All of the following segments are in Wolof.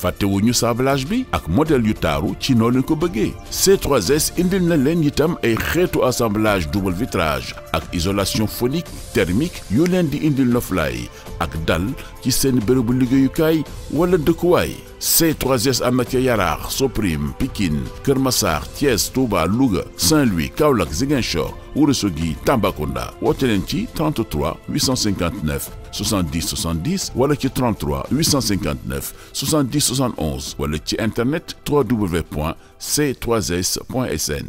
fàttewuñu sablage bi ak modèle yu taaru ci noo leen ko bëggee c 3 indil na leen itam ay xeetu assemblage double vitrage ak isolation phonique thermique yoo leen di indil noflaay ak dal ci seen bërëbu liggéeyukaay wala dëkkuwaay C3S Amathia Yaraar Soprim Pikine Kër Massar Thiès Touba Louga Saint-Louis Kaolack Ziguinchor Ourossogui Tambacounda woote leen ci 33 859 70 70 wala ci 33 859 70 wala ci internet www.c3s.sn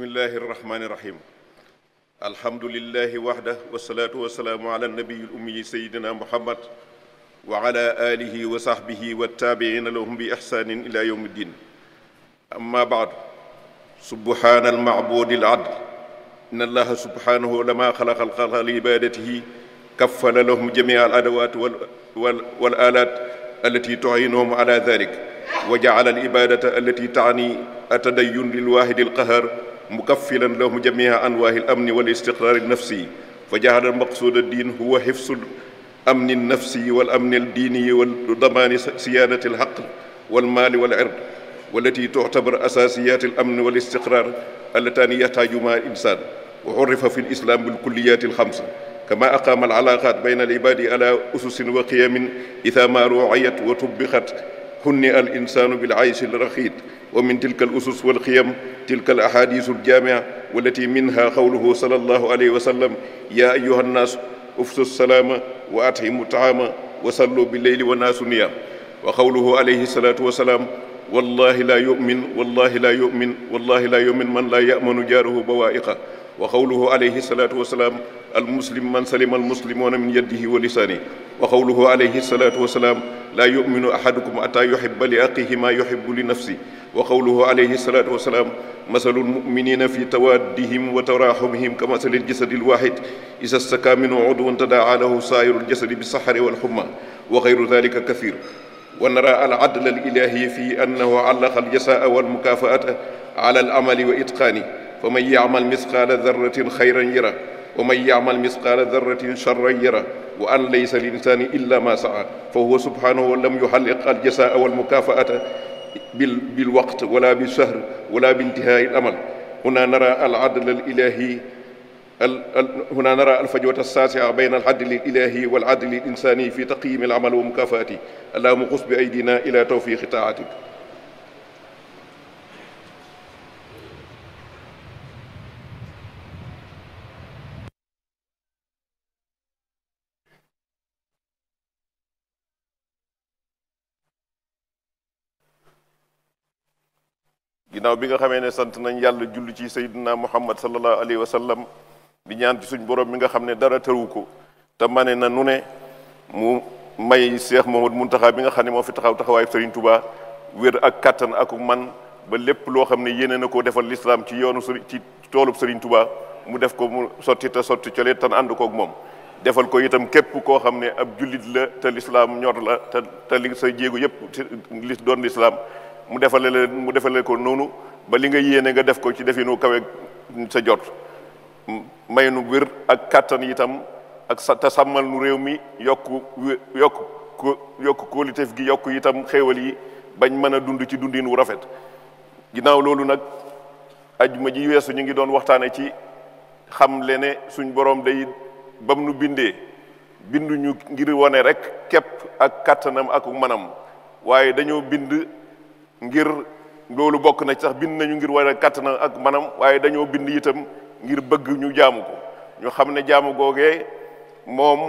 bismillahi irrahmani irrahim alhamdulilahi waxda wasalaatu wasalaamu ala nabiyi lummiyi sayidina muhammad wa ala alihi wa sahbihi wa taabiina lahum bi ixsaanin ila yowm ddin amma baadu subhaana almacbuudi aladl in allaha subhanahu lama xalaqa alxalqa li ibadatihi kaffala lahum jamia aladawaat wal alaat allati tuinuhum ala dalik wa jaala alibadata allati taani atadayun lilwaahidi alqahar مكفلا لهم جميع أنواع الأمن والاستقرار النفسي فجعل المقصود الدين هو حفظ الأمن النفسي والأمن الديني وضمان صيانة الحق والمال والعرض والتي تعتبر أساسيات الأمن والاستقرار اللتان يحتاجهما الإنسان وعرف في الإسلام بالكليات الخمسة كما أقام العلاقات بين العباد على أسس وقيم إذا ما رعيت وطبقت hunni al insanu bil ayshi al rakhid wa min tilka al usus wal xiyam tilka al ahadis al jamia wallati minha qawluhu sallallahu alayhi wa sallam ya ayyuha nnaas ufsu salaama wa athimu taama wa sallu bi leyli wa naasu niyaam wa qawluhu alayhi salaatu wa salaam wallahi laa yumin wallahi laa yumin wallahi laa yumin man laa yamanu jaaruhu bawaa'iqa wa qawluhu alayhi salaatu wa salaam al muslim man salima al muslimuuna min yadihi wa lisaanihi wa qawluhu alayhi salaatu wa salaam laa yuminu ahadukum ataa yuhibba li aqihi maa yuhibbu li nafsi wa qawluhu alayhi salaatu wa salaam masalul muminina fi tawaddihim wa taraxumihim ka masalil jasadi lwaxid isa stakaa minhu udwun tadaa lahu saairul jasadi bi saxari walxumma wa xayru dalika kathir wa nara al adl al ilahi fi annahu allaqa al jasaa wal mukafaata ala al amali wa itqaani fa man yaamal misqaala darratin xayran yara wa man yaamal misqaala darratin charran yara wa an laysa lil insani illa ma saa fa huwa subhanahu lam yuxalliq al jasaa wal mukafaata bil bil waqt wala bi shahr wala bi intihaai al amal huna nara al adl al ilahi هنا نرى الفجوة الساسعة بين العدل الإلهي والعدل الإنساني في تقييم العمل ومكافاته اللهم قص بأيدينا إلى توفيق طاعتك ginnaaw bi nga xamee ne sant nañ yàlla julli ci sayyidina muhammad sallallahu alayhi wa sallam di ñaan ci suñ borom mi nga xam ne dara tëru ko te mane na nu ne mu may Cheikh mun taxa bi nga xam ne moo fi taxaw taxawaayu Serigne Touba wér ak kattan aku man ba lépp loo xam ne yéene na koo defal lislaam ci yoonu Serigne ci toolub sëriñ Touba mu def ko mu sotti te sotti colee tan ànd kook moom defal ko itam képp koo xam ne ab jullit la te lislaam ñor la te te li sa jéego yëpp li doon lislaam mu defale la mu defale ko noonu ba li nga yéene nga def ko ci definu kawe sa jot may nu wér ak kattan itam ak sa tasàmmal nu réew mi yokku yokk yokk gi yokk itam xéewal yi bañ mën a dund ci dundin wu rafet ginnaaw loolu nag ajuma ji weesu ñu ngi doon waxtaane ci xam le ne suñ borom day bam nu bindee binduñu ngir wane rek képp ak kattanam ak manam waaye dañoo bind ngir loolu bokk na ci sax bind nañu ngir wane kàttanam ak manam waaye dañoo bind itam ngir bëgg ñu jaamu ko ñu xam ne jaamu googee moom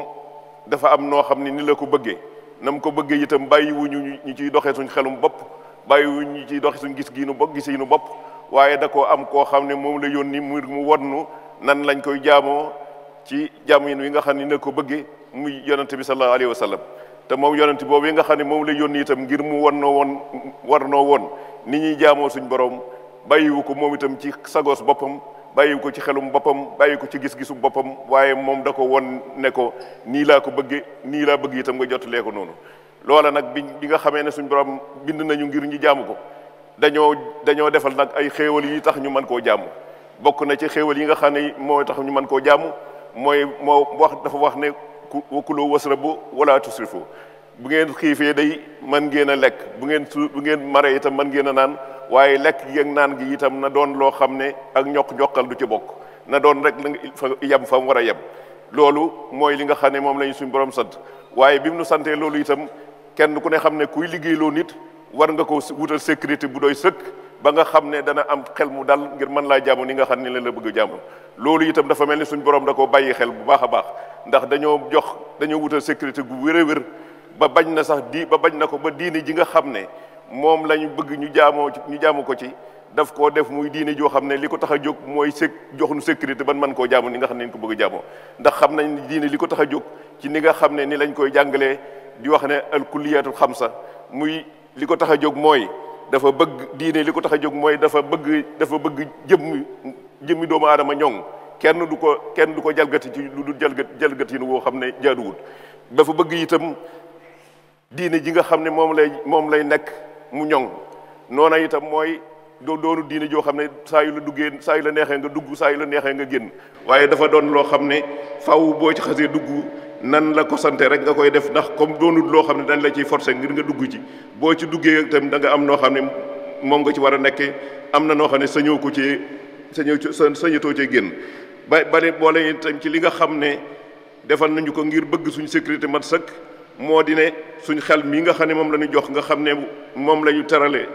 dafa am noo xam ne ni la ko bëggee nam ko bëggee itam bàyyiwuñu ñu ciy doxee suñ xelum bopp bàyyiwuñu ñu ciy doxee gis giinu bopp gis bopp waaye da koo am koo xam ne moom la yónni mu mu wonnu nan lañ koy jaamoo ci jaamu yin wi nga xam ne ni la ko bëggee muy yonante bi sallallahu alayhi wa te moom yonent boobu yi nga xam ne moom la yónni itam ngir mu war noo woon war woon ni ñuy jaamoo suñ borom bàyyiwu ko moom itam ci sagoos boppam bàyyiwu ko ci xelum boppam bàyyi ko ci gis-gisu boppam waaye moom da ko woon ne ko nii laa ko bëgge nii laa bëgg itam nga jottalee ko noonu loola nag bi bi nga xamee ne suñ borom bind nañu ngir ñu jaamu ko dañoo dañoo defal nag ay xéewal yi tax ñu mën koo jaamu bokk na ci xéewal yi nga xam ne moo tax ñu mën koo jaamu mooy moo wax dafa wax ne wakkuloo wasrabu wala foo bu ngeen xiifee day man ngeen a lekk bu ngeen su bu ngeen maree itam man ngeen a naan waaye lekk gi naan gi itam na doon loo xam ne ak ñokk ñokkal du ci bokk na doon rek la fa yem fa mu war a yem loolu mooy li nga xam ne moom la ñu suñu borom sant waaye bi mu nu santee loolu itam kenn ku ne xam ne kuy liggéeyloo nit war nga ko wutal sécurité bu doy sëkk ba nga xam ne dana am xel mu dal ngir mën laa jaamu ni nga xam ne la la bëgg a jaamu itam dafa mel ni suñ borom da bàyyi xel bu a baax ndax dañoo jox dañoo wutal sécurité gu wér a wér ba bañ na sax di ba bañ na ko ba diine ji nga xam ne moom la ñu bëgg ñu jaamoo ñu jaamu ko ci daf koo def muy diine joo xam ne li ko tax a jóg mooy sé jox nu sécurité ban man koo jaamu ni nga xam ne ñu ko bëgg a ndax xam nañ diine li ko tax a jóg ci ni nga xam ne ni lañ koy jàngalee di wax ne al xam sax muy li ko tax a jóg mooy dafa bëgg diine li ko tax a jóg mooy dafa bëgg dafa bëgg jëmm jëmmi doomu aadama ñoŋ kenn du ko kenn du ko jalgati ci lu dul jalgat jalgatin woo xam ne jaaduwul dafa bëgg itam diine ji nga xam ne moom lay moom lay nekk mu ñoŋ noona itam mooy doo doonu diine joo xam ne saayu la duggee saa la neexee nga dugg saa la neexee nga génn waaye dafa doon loo xam ne faw boo ci xësee dugg nan la ko sante rek nga koy def ndax comme doonul loo xam ne dañ la ciy forcer ngir nga dugg ci boo ci duggee tam danga am noo xam ne moom nga ci war a nekkee am na noo xam ne sañoo ko ci sañoo sañatoo cee génn ba bale boole itam ci li nga xam ne defal nañu ko ngir bëgg suñu sécurité mat sëkk moo di ne suñu xel mii nga xam ne moom la ñu jox nga xam ne moom la ñu terale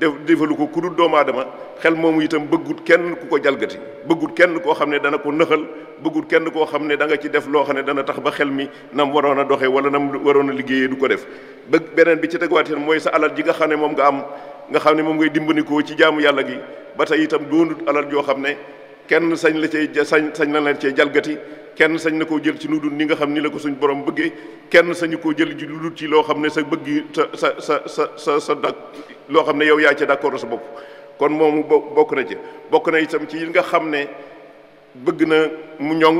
def defalu ko ku dul doomu aadama xel moom itam bëggut kenn ku ko jalgati bëggut kenn koo xam ne dana ko nëxal bëggut kenn koo xam ne da nga ci def loo xam ne dana tax ba xel mi nam waroon a doxee wala nam waroon a liggéeyee du ko def bëgg beneen bi ci teguwaat mooy sa alal ji nga xam ne moom nga am nga xam ne moom ngay dimbanikoo ci jaamu yàlla gi ba tey itam doonut alal joo xam ne kenn sañ la cee sañ sañ na la cee jalgati kenn sañ na koo jël ci lu dul ni nga xam ni la ko suñu borom bëggee kenn sañu koo jël ci lu dul ci loo xam ne sa bëgg sa sa sa sa sa da loo xam ne yow yaa ca d'accord sa bopp kon moomu bokk na ci bokk na itam ci yi nga xam ne bëgg na mu ñoŋ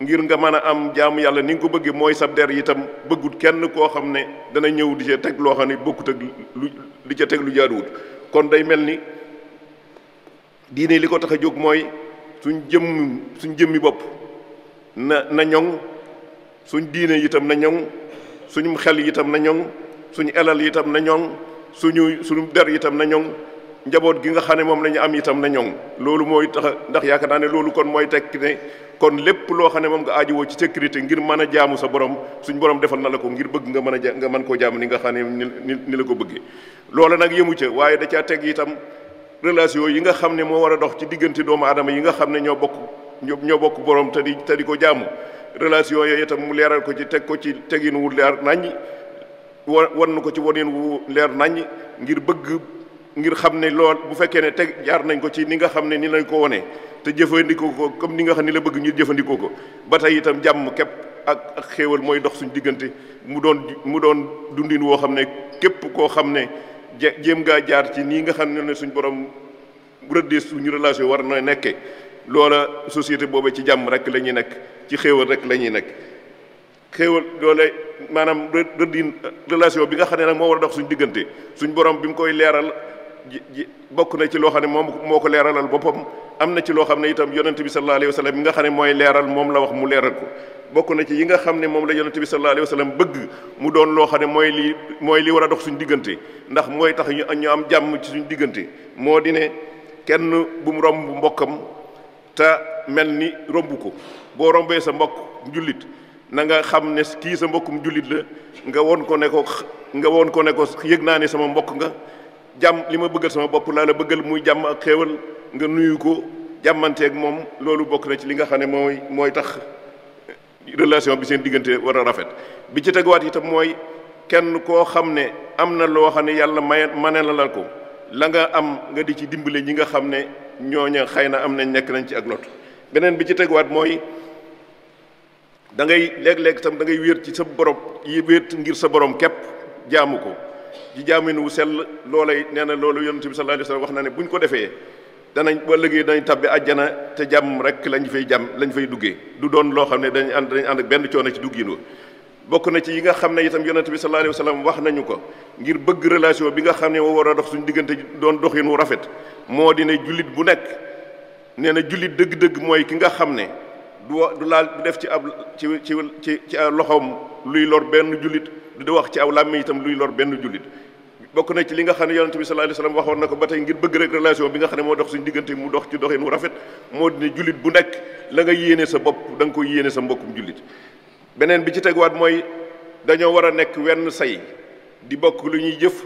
ngir nga mën a am jaamu yàlla ni nga ko bëggee mooy sab der yitam bëggut kenn koo xam ne dana ñëw di ci teg loo xam ne bokkut ak lu di ca teg lu jaaruwut kon day mel ni diine li ko tax a jóg mooy suñ jëmm suñ jëmmi bopp na na ñoŋ suñ diine yitam na ñoŋ suñu xel yitam na ñoŋ suñu elal yitam na ñoŋ suñu suñu der yitam na ñoŋ njaboot gi nga xam ne moom la ñu am itam na ñoŋ loolu mooy tax ndax yaakaar naa ne loolu kon mooy tekk ne kon lépp loo xam ne moom nga aajowoo ci sécurité ngir mën a jaamu sa borom suñ borom defal na la ko ngir bëgg nga mën a ja nga mën koo jaamu ni nga xam ne ni la ko bëggee. loola nag yëmu ca waaye da caa teg itam relation yi nga xam ne moo war a dox ci diggante doomu aadama yi nga xam ne ñoo bokk. ñoom ñoo bokk borom te di te ko jaamu relation yooy itam mu leeral ko ci teg ko ci tegin wu leer naññ wa wan na ko ci wanin wu leer naññ ngir bëgg ngir xam ne lool bu fekkee ne teg jaar nañ ko ci ni nga xam ne ni lañ ko wonee te jëfandikoo ko comme ni nga xam ne la bëgg ñu jëfandikoo ko ba tey itam jàmm képp ak ak xéewal mooy dox suñu diggante mu doon mu doon dundin woo xam ne képp koo xam ne jéem gaa jaar ci nii nga xam ne ne suñ borom rëddee suñu relation war na nekkee loola société boobu ci jàmm rek lañuy nekk ci xéewal rek la nekk xéewal loola maanaam rëddin relation bi nga xam ne nag moo war dox suñu diggante suñ borom bi mu koy leeral ji bokk na ci loo xam ne moom moo ko leeralal boppam am na ci loo xam ne itam yonente bi sallallahu alayhi wa bi nga xam ne mooy leeral moom la wax mu leeral bokk na ci yi nga xam ne moom la yonente bi sallallahu alayhi wa sallam bëgg mu doon loo xam ne mooy lii mooy li war a dox suñu diggante ndax mooy tax ñu ñu am jàmm ci suñu diggante moo di ne kenn bu mu romb mbokkam ta mel ni romb ko boo rombee sa mbokk njullit na nga xam ne kii sa mbokkum jullit la nga woon ko ne ko nga woon ko ne ko yëg naa ne sama mbokk nga jàmm li ma bëggal sama bopp laa la bëggal muy jàmm ak xéewal nga nuyu ko jàmmanteeg moom loolu bokk na ci li nga xam ne mooy mooy tax relation bi seen diggante war a rafet bi ci teguwaat itam mooy kenn koo xam ne am na loo xam ne yàlla may mane la la ko la nga am nga di ci dimbale ñi nga xam ne ñooña xay na am nañ nekk nañ ci ak lot beneen bi ci teguwaat mooy da ngay léeg-léeg itam wéet ci sa borom yi wéet ngir sa borom képp jaamu ko ci jaamin wu sell loolay nee na loolu yonent bi sallallahu sa wasallam wax na ne bu ñu ko defee danañ ba liggéey danañ tabbi àjjana te jàmm rek lañu fay jam lañ fay duggee du doon loo xam ne dañu ànd dañ ànd ak benn coono ci duggiin wa bokk na ci yi nga xam ne itam yonent bi sallallahu alayhi wa wax nañu ko ngir bëgg relation bi nga xam ne moo war a dox suñu diggante doon doxin wu rafet moo di ne jullit bu nekk nee na jullit dëgg-dëgg mooy ki nga xam ne du du laal def ci ab ci ci ci ci loxoom luy lor benn jullit du di wax ci aw làmmiñ itam luy lor benn jullit bokk na ci li nga xam ne yonent bi sallallahu alayhi wa sallam waxoon na ko ba tey ngir bëgg rek relation bi nga xam ne moo dox suñu diggante mu dox ci doxin wu rafet moo di ne jullit bu nekk la nga yéene sa bopp danga koy yéene sa mbokkum jullit beneen bi ci teguwaat mooy dañoo war a nekk wenn say di bokk lu ñuy jëf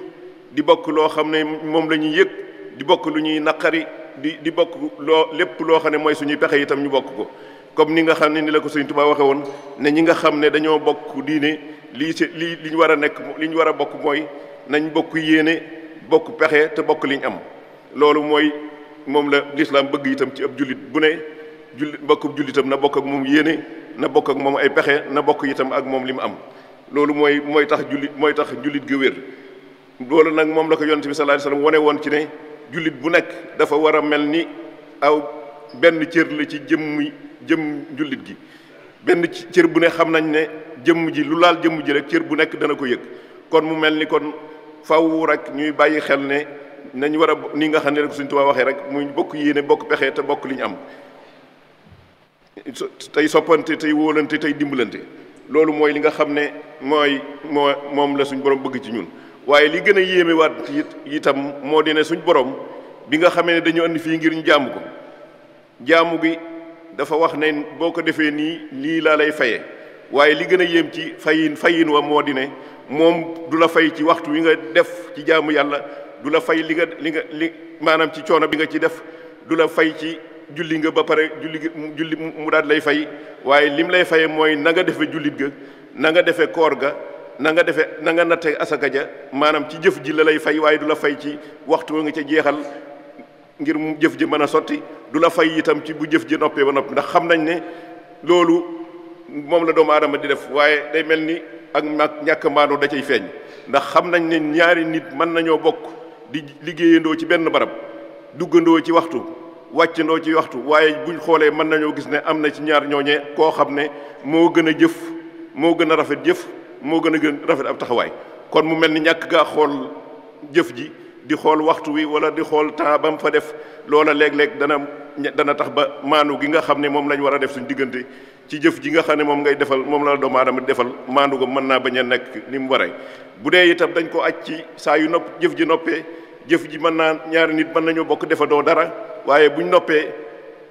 di bokk loo xam ne moom la ñuy yëg di bokk lu ñuy naqari di di bokk loo lépp loo xam ne mooy suñuy pexe itam ñu bokk ko comme ni nga xam ne ni la ko Sëriñ Tuubaa waxe woon ne ñi nga xam ne dañoo bokk diine lii ci lii li war a nekk li ñu war a bokk mooy nañ bokk yéene bokk pexe te bokk liñ am loolu mooy moom la lislaam bëgg itam ci ab jullit bu ne jullit bokkub jullitam na bokk ak moom yéene na bokk ak moom ay pexe na bokk itam ak moom li mu am loolu mooy mooy tax jullit mooy tax jullit gi wér loolu nag moom la ko yonent bi sallallahu alayhi wasallam wane woon ci ne jullit bu nekk dafa war a mel ni aw benn cër la ci jëmmi jëm jullit gi benn cër bu ne xam nañ ne jëmm ji lu laal jëmm ji rek cër bu nekk dana ko yëg kon mu mel ni kon faw rek ñuy bàyyi xel ne nañ war a ni nga xam ne rek suñ tubaab waxee rek muy bokk yéene bokk pexe te bokk li ñu am tey soppante tey wóolante tey dimbalante loolu mooy li nga xam ne mooy moo moom la suñ borom bëgg ci ñun waaye li gën a yéeme waat itam moo di ne suñ borom bi nga xamee ne dañu andi fii ngir ñu jàmm ko jàmm gi dafa wax ne boo ko defee nii lii laa lay faye waaye li gën a yéem ci fayin fayin wa moo di ne moom du la fay ci waxtu wi nga def ci jàmm yàlla du la fay li nga li nga li maanaam ci coono bi nga ci def du la fay ci julli nga ba pare julli julli mu daal lay fay waaye lim lay faye mooy nanga nga defee jullit ga nanga nga defee koor ga na nga defee na nga nattee asaka ja maanaam ci jëf ji la lay fay waaye du la fay ci waxtu nga ca jeexal ngir mu jëf ji mën a sotti du la fay itam ci bu jëf ji noppee ba noppi ndax xam nañ ne loolu moom la doomu aadama di def waaye day mel ni ak ñàkk maanoo da cay feeñ ndax xam nañ ne ñaari nit mën nañoo bokk di liggéeyandoo ci benn barab duggandoo ci waxtu wàccandoo ci waxtu waaye buñ xoolee mën nañoo gis ne am na ci ñaar ñooñe koo xam ne moo gën a jëf moo gën a rafet jëf moo gën a gën rafet ab taxawaay kon mu mel ni ñàkk gaa xool jëf ji di xool waxtu wi wala di xool temps ba mu fa def loola léeg-léeg dana dana tax ba maandu gi nga xam ne moom lañ war a def suñ diggante ci jëf ji nga xam ne moom ngay defal moom la doomu aadama defal maandu ko mën naa bañ a nekk ni mu waree bu dee itam dañ ko aj ci saa yu nopp jëf ji noppee jëf ji mën naa ñaari nit mën nañoo bokk defandoo dara waaye bu ñu noppee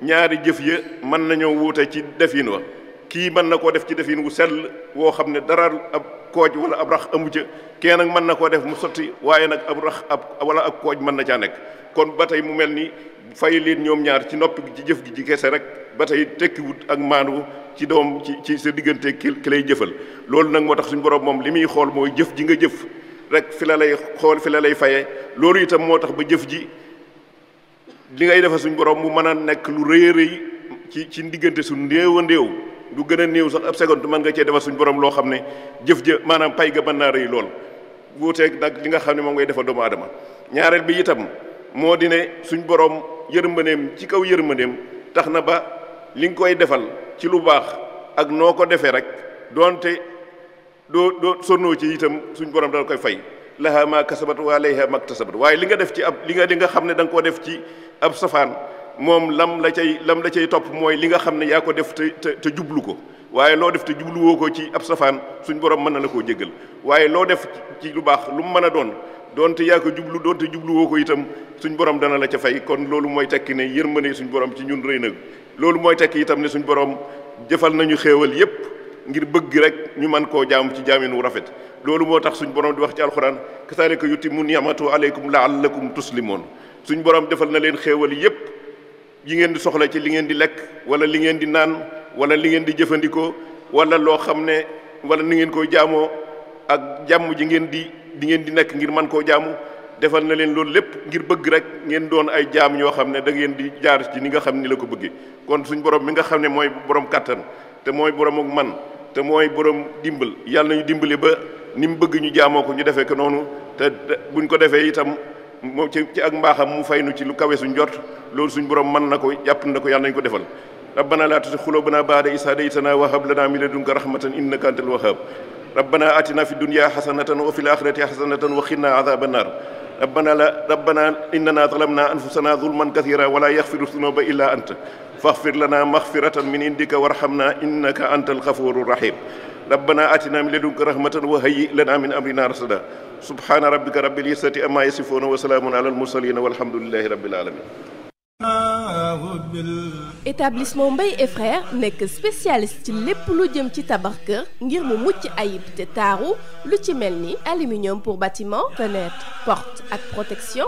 ñaari jëf ya mën nañoo wuute ci defin wa kii mën na koo def ci defin wu sell woo xam ne dara ab kooj wala ab rax amu ca kee nag mën na koo def mu sotti waaye nag ab rax ab wala ab kooj mën na caa nekk kon ba tey mu mel ni fay leen ñoom ñaar ci noppi ci jëf gi ci kese rek ba tey tekkiwut ak maandu ci doom ci ci sa diggante ki ki lay jëfal loolu nag moo tax suñu borom moom li muy xool mooy jëf ji nga jëf rek fi la lay xool fi la lay fayee loolu itam moo tax ba jëf ji li ngay defal suñ borom mu mën a nekk lu rëy a rëy ci ci diggante suñ néew a néew lu gën a néew sax ab seconde man nga cee defal suñ borom loo xam ne jëf ja maanaam pay ga mën naa rëy lool wuuteeg nag li nga xam ne moom ngay defal doomu aadama ñaareel bi itam moo di ne suñ borom yërmandeem ci kaw yërmandeem tax na ba li nga koy defal ci lu baax ak noo ko defee rek doonte doo doo sonnoo ci itam suñ borom dal koy fay laha ma kasabat wa alayha maktasabat waaye li nga def ci ab li nga nga xam ne da ko koo def ci ab safaan moom lam la cay lam la cay topp mooy li nga xam ne yaa ko def te te jublu ko waaye loo def te jubluwoo ko ci ab safaan suñ borom mën na la koo jéggal waaye loo def ci lu baax lu mu mën a doon doonte yaa ko jublu doonte jubluwoo ko itam suñ borom dana la ca fay kon loolu mooy tekki ne yërmande suñ borom ci ñun rëy na loolu mooy tekki itam ne suñ borom jëfal nañu xéewal yépp ngir bëgg rek ñu man koo jaam ci jaamin wu rafet loolu moo tax suñu boroom di wax ci alxuraan kasaalika yutimmu ni'matahu aleykum la'allakum tuslimoon suñu borom defal na leen xéewal yépp yi ngeen di soxla ci li ngeen di lekk wala li ngeen di naan wala li ngeen di jëfandikoo wala loo xam ne wala ni ngeen koy jaamoo ak jàmm ji ngeen di di ngeen di nekk ngir man koo jaamu defal na leen loolu lépp ngir bëgg rek ngeen doon ay jaam yoo xam ne da ngeen di jaar ci ni nga xam ni la ko bëggee kon suñ borom mi nga xam ne mooy borom kattan te mooy borom man te mooy borom dimbal yàlla nañu dimbali ba ni mu bëgg ñu jaamoo ko ñu defee ko noonu te buñ ko defee itam moom ci ci ak mbaaxam mu fay nu ci lu kawe suñ jot loolu suñ borom man na ko jàpp na ko yàlla nañu ko defal rabbana laa tuzigh quluubana ba'da idh hadaytana wa hab lana min ladunka rahmatan innaka antal wahhab rabbana atina fi dunya hasanatan wa fil akhirati hasanatan wa qina adhaban nar rabbana la rabbana innana zalamna anfusana zulman kathira wa la yaghfiru dhunuba illa anta فاغفر لنا مغفرة من عندك وارحمنا إنك أنت الغفور الرحيم ربنا آتنا من لدنك رحمة وهيئ لنا من أمرنا رشدا سبحان ربك رب العزة عما يصفون وسلام على المرسلين والحمد لله رب العالمين établissement Mbaye et frères nekk spécialiste ci lépp lu jëm ci tabax kër ngir mu mucc ayib te taaru lu ci mel ni aluminium pour bâtiment fenêtre porte ak protection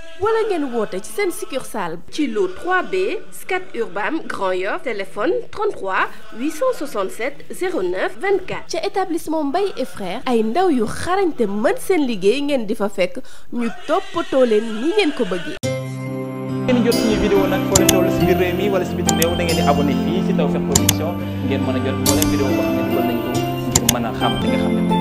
wala ngeen woote ci seen succursale ci lu 3B Scat Urbam Grand Yoff téléphone 33 867 09 24 ca établissement Mbaye et frères ay ndaw yu xarañte mën seen liggéey ngeen di fa fekk ñu toppatoo leen ni ngeen ko bëggee ngeen jot suñu vidéo a jot moo leen vidéo boo a